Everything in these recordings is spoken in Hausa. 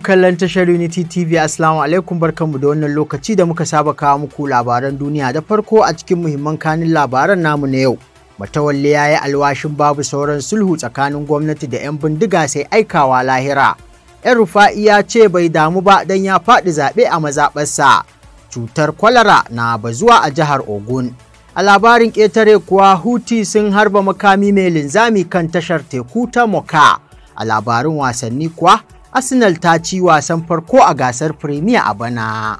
kallon tashar Unity TV Assalamu alaikum barkanmu da wannan lokaci da muka saba kawo muku labaran duniya da farko a cikin muhimman kanin labaran namu na yau. Matawalle ya yi alwashin babu sauran sulhu tsakanin gwamnati da 'yan bindiga sai aikawa lahira. 'Yan rufa'i ya ce bai damu ba don ya faɗi zaɓe a mazaɓarsa. Cutar kwalara na bazuwa a jihar Ogun. A labarin ƙetare kuwa Huti sun harba makami mai linzami kan tashar teku ta Moka. A labarin wasanni kuwa Arsenal ta ci wasan farko a gasar Premier a bana.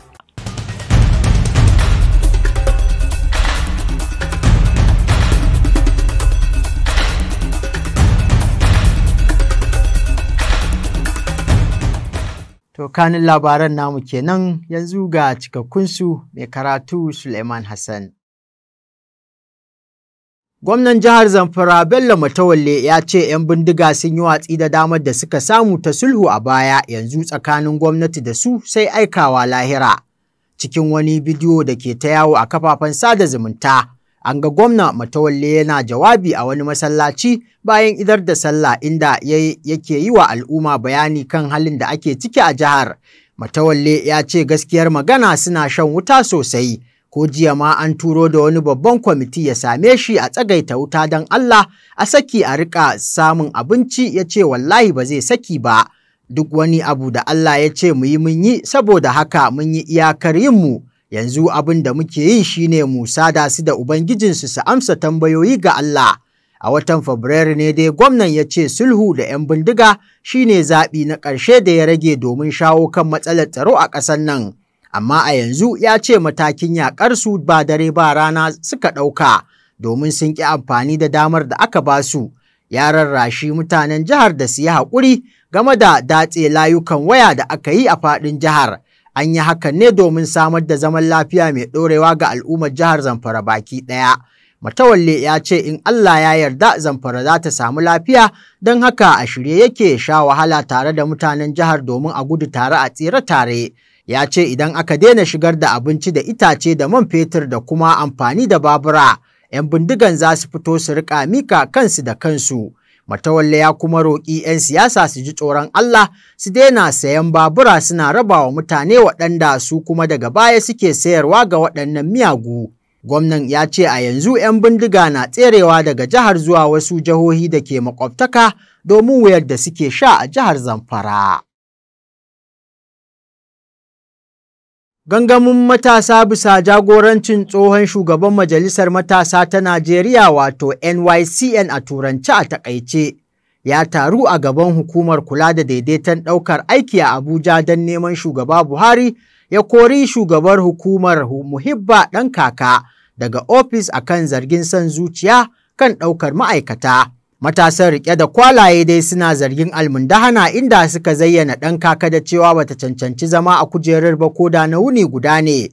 To kanin labaran namu kenan yanzu ga cikakkunsu mai karatu Suleiman Hassan. Gwamnan jihar Zamfara Bello Matawalle ya ce 'yan bindiga sun yi watsi da damar da suka samu ta sulhu a baya yanzu tsakanin gwamnati da su sai aikawa lahira. Cikin wani bidiyo da ke ta yawo a kafafen sada zumunta, an ga gwamna Matawalle yana jawabi a wani masallaci bayan idar da sallah inda yake yi wa al'umma bayani kan halin da ake ciki a jihar. Matawalle ya ce gaskiyar magana suna shan wuta sosai. ko jiya ma an turo da wani babban kwamiti ya same shi a tsagaita wuta don Allah a saki a rika samun abinci ya ce wallahi ba zai saki ba duk wani abu da Allah ya ce mu yi mun yi saboda haka mun yi iyakar yinmu yanzu abin da muke yi shine musa da su da ubangijinsu su amsa tambayoyi ga Allah a watan Fabrairu ne dai gwamnan ya ce sulhu da 'yan bindiga shine zaɓi na ƙarshe da ya rage domin shawo kan matsalar tsaro a ƙasar nan. amma a yanzu ya ce matakin yaƙar su ba dare ba rana suka ɗauka domin sun ƙi amfani da damar da aka ba su ya rarrashi mutanen jihar da su yi haƙuri game da datse layukan waya da aka yi a faɗin jihar an yi hakan ne domin samar da zaman lafiya mai ɗorewa ga al'ummar jihar zamfara baki ɗaya matawalle ya ce in allah ya yarda zamfara za ta samu lafiya don haka a shirye yake sha wahala tare da mutanen jihar domin a gudu tare a tsira tare ya ce idan aka daina shigar da abinci da itace da man fetur da kuma amfani da babura 'yan bindigan za su fito su rika mika kansu da kansu matawalle ya kuma roƙi 'yan siyasa su ji tsoron Allah su daina sayan babura suna raba wa mutane waɗanda su kuma daga baya suke sayarwa ga waɗannan miyagu gwamnan ya ce a yanzu 'yan bindiga na tserewa daga jihar zuwa wasu jihohi da ke makwabtaka domin wuyar da suke sha a jihar zamfara Gangamin matasa bisa jagorancin tsohon shugaban Majalisar Matasa ta Najeriya wato NYCN a Turanci a takaice ya taru a gaban hukumar kula da daidaiton ɗaukar aiki a Abuja don neman shugaba Buhari ya kori shugabar hukumar Muhibba ɗan kaka daga ofis akan zargin son zuciya kan ɗaukar ma'aikata. Matasan rike da kwalaye dai suna zargin almundahana inda suka zayyana ɗan kaka da cewa bata cancanci zama a kujerar ba ko da na wuni guda ne.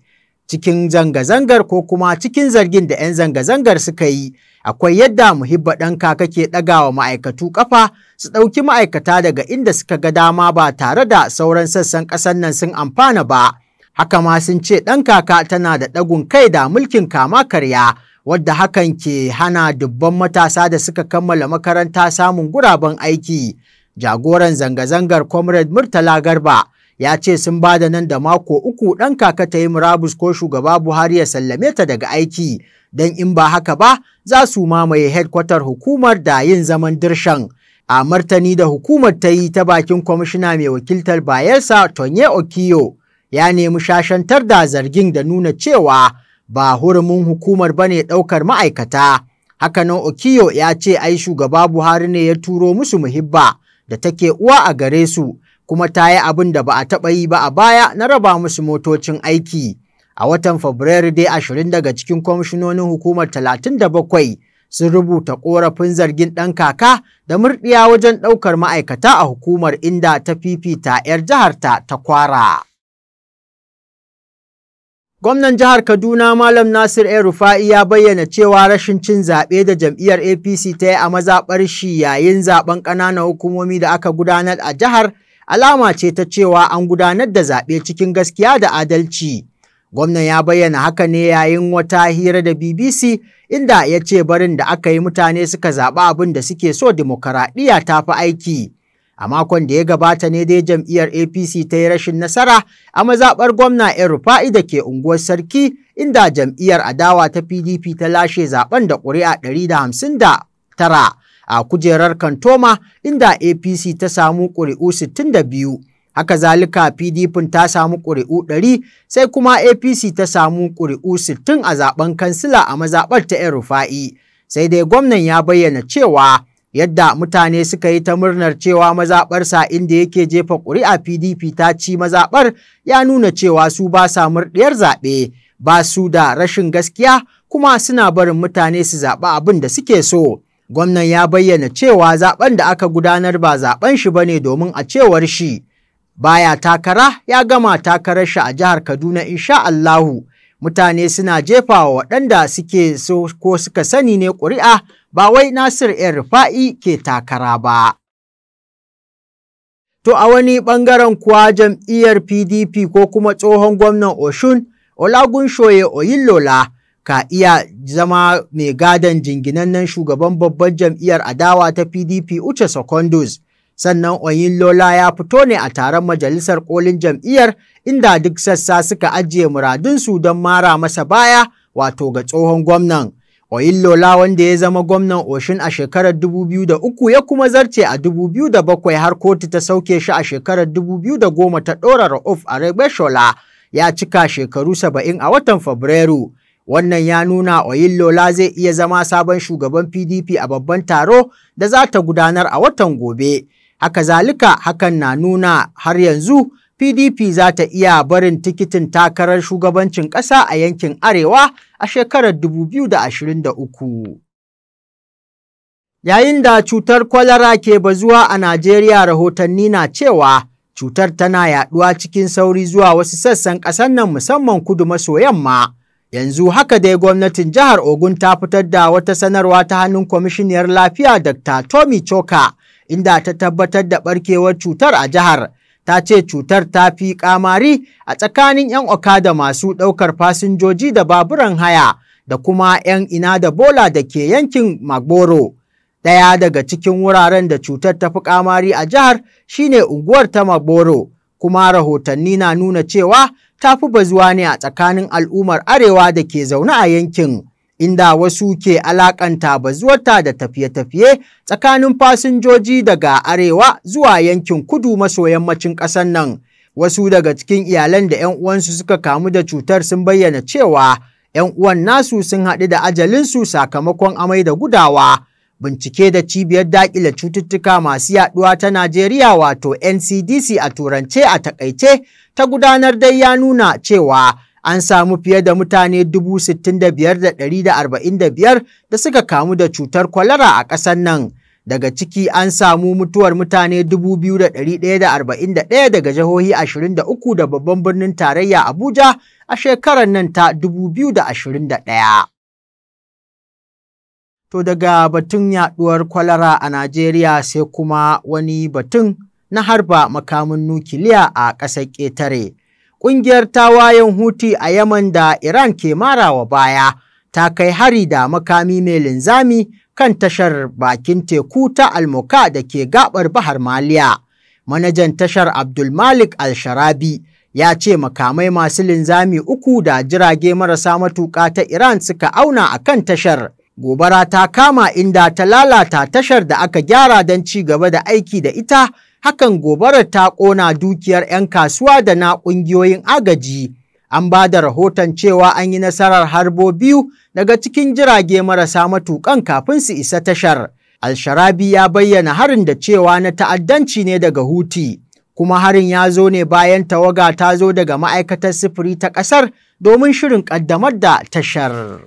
Cikin zanga-zangar ko kuma cikin zargin da 'yan zanga-zangar suka yi, akwai yadda muhibba ɗan kaka ke ɗagawa ma'aikatu ƙafa su ɗauki ma'aikata daga inda suka ga dama ba tare da sauran sassan ƙasar nan sun amfana ba. Haka ma sun ce ɗan kaka tana da ɗagun kai da mulkin kama karya. wadda hakan ke hana dubban matasa da suka kammala makaranta samun guraben aiki. Jagoran zanga-zangar Comrade Murtala Garba ya ce sun ba da nan da mako uku ɗan kaka ta yi murabus ko shugaba Buhari ya sallame ta daga aiki, don in ba haka ba za su mamaye hedkwatar hukumar da yin zaman dirshan. a martani da hukumar ta yi ta bakin kwamishina mai wakiltar bayelsa tonye okiyo ya nemi shashantar da zargin da nuna cewa ba hurumin hukumar ba ne ɗaukar ma'aikata. Hakanan Okiyo ya ce ai shugaba Buhari ne ya turo musu muhibba da take uwa a gare su kuma ta yi abin da ba a taɓa yi ba a baya na raba musu motocin aiki. A watan Fabrairu dai ashirin daga cikin kwamishinonin hukumar talatin da bakwai sun rubuta ƙorafin zargin ɗan kaka da murɗiya wajen ɗaukar ma'aikata a hukumar inda ta fifita 'yar jiharta ta kwara. Gwamnan jihar Kaduna Malam Nasir El Rufa'i ya bayyana cewa rashin cin zaɓe da jam'iyyar APC ta yi a mazaɓar shi yayin zaɓen ƙananan hukumomi da aka gudanar a jihar alama ce ta cewa an gudanar da zaɓe cikin gaskiya da adalci. Gwamnan ya bayyana haka ne yayin wata hira da BBC inda ya ce barin da aka yi mutane suka zaɓi abin da suke so dimokuraɗiyya ta fi aiki. A makon da ya gabata ne dai jam'iyyar APC ta yi rashin nasara a mazaɓar gwamna ‘yan rufa'i da ke unguwar sarki inda jam'iyyar adawa ta PDP ta lashe zaben da ƙuri'a 159 a kujerar Kantoma inda APC ta samu ƙuri'u 62. Haka zalika PDP ta samu ƙuri'u 100 sai kuma APC ta samu ƙuri'u 60 a zaben kansila a mazaɓar ta ‘yan rufa'i. Sai dai gwamnan ya bayyana cewa yadda mutane suka yi ta murnar cewa mazaɓarsa inda yake jefa ƙuri'a pdp ta ci mazaɓar ya nuna cewa su ba sa murɗiyar zaɓe ba su da rashin gaskiya kuma suna barin mutane su zaɓa abin da suke so gwamnan ya bayyana cewa zaɓen da aka gudanar ba zaɓen shi ba ne domin a cewar shi baya takara ya gama takarar shi a jihar kaduna insha allahu mutane suna jefa waɗanda suke so ko suka sani ne ƙuri'a ba wai Nasir ‘yan rufa'i ke takara ba. To a wani ɓangaren kuwa jam'iyyar PDP ko kuma tsohon gwamnan Oshun Olagun Olagunshoye Oyilola, ka iya zama mai gadon jinginannen shugaban babban jam'iyyar adawa ta PDP Uche Secondus. Sannan Oyinlola ya fito ne a taron majalisar kolin jam'iyyar inda duk sassa suka ajiye muradunsu don mara masa baya wato ga tsohon gwamnan. Oyinlola wanda ya zama gwamnan Oshin a shekarar 2003 ya kuma zarce a 2007 har kotu ta sauke shi a shekarar 2010 ta ɗora Rauf Arebeshola ya cika shekaru 70 a watan Fabrairu. Wannan ya nuna Oyinlola zai iya zama sabon shugaban PDP a babban taro da za ta gudanar a watan gobe. Haka zalika hakan na nuna har yanzu PDP za ta iya barin tikitin takarar shugabancin ƙasa a yankin Arewa a shekarar 2023. Yayin da cutar kwalara ke bazuwa a Najeriya rahotanni na cewa cutar tana yaɗuwa cikin sauri zuwa wasu sassan ƙasar nan musamman kudu maso yamma. Yanzu haka dai gwamnatin jihar Ogun ta fitar da wata sanarwa ta hannun kwamishiniyar lafiya Dr. Tommy Choka inda ta tabbatar da ɓarkewar cutar a jihar. ta ce cutar ta fi kamari a tsakanin 'yan okada masu ɗaukar fasinjoji da baburan haya da kuma 'yan ina da bola da ke yankin magboro ɗaya daga cikin wuraren da cutar ta fi kamari a jihar shine unguwar ta magboro kuma rahotanni na nuna cewa ta fi bazuwa ne a tsakanin al'ummar arewa da ke zaune a yankin inda wasu ke alakanta bazuwarta da tafiye-tafiye tsakanin fasinjoji daga arewa zuwa yankin kudu maso yammacin ƙasar nan. Wasu daga cikin iyalan da 'yan uwansu suka kamu da cutar sun bayyana cewa 'yan uwan nasu sun haɗu da ajalinsu sakamakon amai da gudawa. Bincike da cibiyar daƙile cututtuka masu yaɗuwa ta Najeriya wato NCDC a turance a taƙaice, ta gudanar dai ya nuna cewa an samu fiye da mutane 65,145 da suka kamu da cutar kwalara a ƙasar nan. Daga ciki an samu mutuwar mutane 2,141 daga jihohi 23 da babban birnin tarayya Abuja a shekarar nan ta 2021. To daga batun yaduwar kwalara a Najeriya sai kuma wani batun na harba makamin nukiliya a ƙasar ƙetare. ƙungiyar tawayen Huti a Yaman da Iran ke mara wa baya ta kai hari da makami mai linzami kan tashar bakin teku ta Almuka da ke gabar Bahar Maliya. Manajan tashar Abdulmalik Alsharabi. ya ce makamai masu linzami uku da jirage marasa matuƙa ta Iran suka auna a kan tashar. Gobara ta kama inda ta lalata tashar da aka gyara don ci gaba da aiki da ita hakan gobarar ta ƙona dukiyar 'yan kasuwa da na ƙungiyoyin agaji. An ba da rahoton cewa an yi nasarar harbo biyu daga cikin jirage marasa matuƙan kafin su isa tashar. Alsharabi ya bayyana harin da cewa na ta'addanci ne daga Huti, kuma harin ya zo ne bayan tawaga ta zo daga ma'aikatar sifiri ta ƙasar domin shirin ƙaddamar da tashar.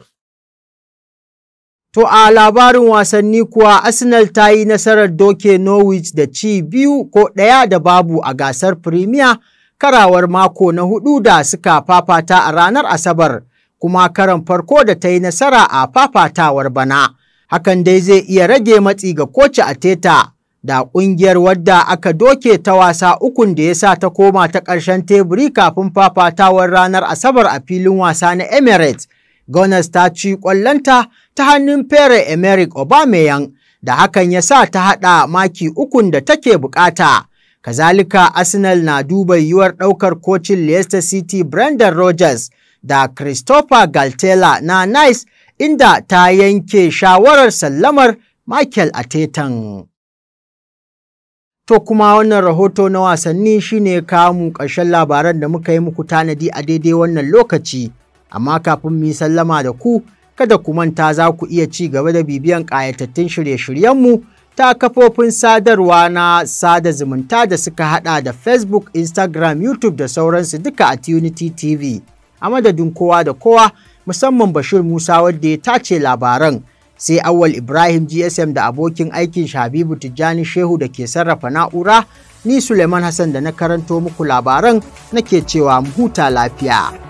To a labarin wasanni kuwa Arsenal ta yi nasarar doke Norwich da ci biyu ko ɗaya da babu a gasar Premier karawar mako na hudu da suka fafata a ranar Asabar kuma karan farko da ta yi nasara a fafatawar bana. Hakan dai zai iya rage matsi ga koci a teta da ƙungiyar wadda aka doke ta wasa ukun da ya sa ta koma ta ƙarshen teburi kafin fafatawar ranar Asabar a filin wasa na Emirates. Gunners ta ci ƙwallonta ta hannun fere Emerick Obameyan da hakan ya sa ta haɗa maki ukun da take bukata. Kazalika Arsenal na duba yiwuwar ɗaukar kocin Leicester City Brendan Rodgers da Christopher Galtela na Nice inda ta yanke shawarar sallamar Michael Atetan. To kuma wannan rahoto na wasanni shine kamu ƙarshen labaran da muka yi muku tanadi a daidai wannan lokaci, amma kafin mu yi sallama da ku Kada ku manta za ku iya ci gaba da bibiyan ƙayatattun shirye-shiryenmu ta kafofin sadarwa na sada zumunta da suka hada da Facebook, Instagram, YouTube da sauransu duka a Unity TV. A madadin kowa da kowa, musamman Bashir Musa wadda ya tace labaran, sai Awal Ibrahim GSM da abokin aikin Shabibu Tijjani Shehu da ke sarrafa na'ura, ni Suleiman Hassan da na karanto muku labaran nake cewa mu huta lafiya.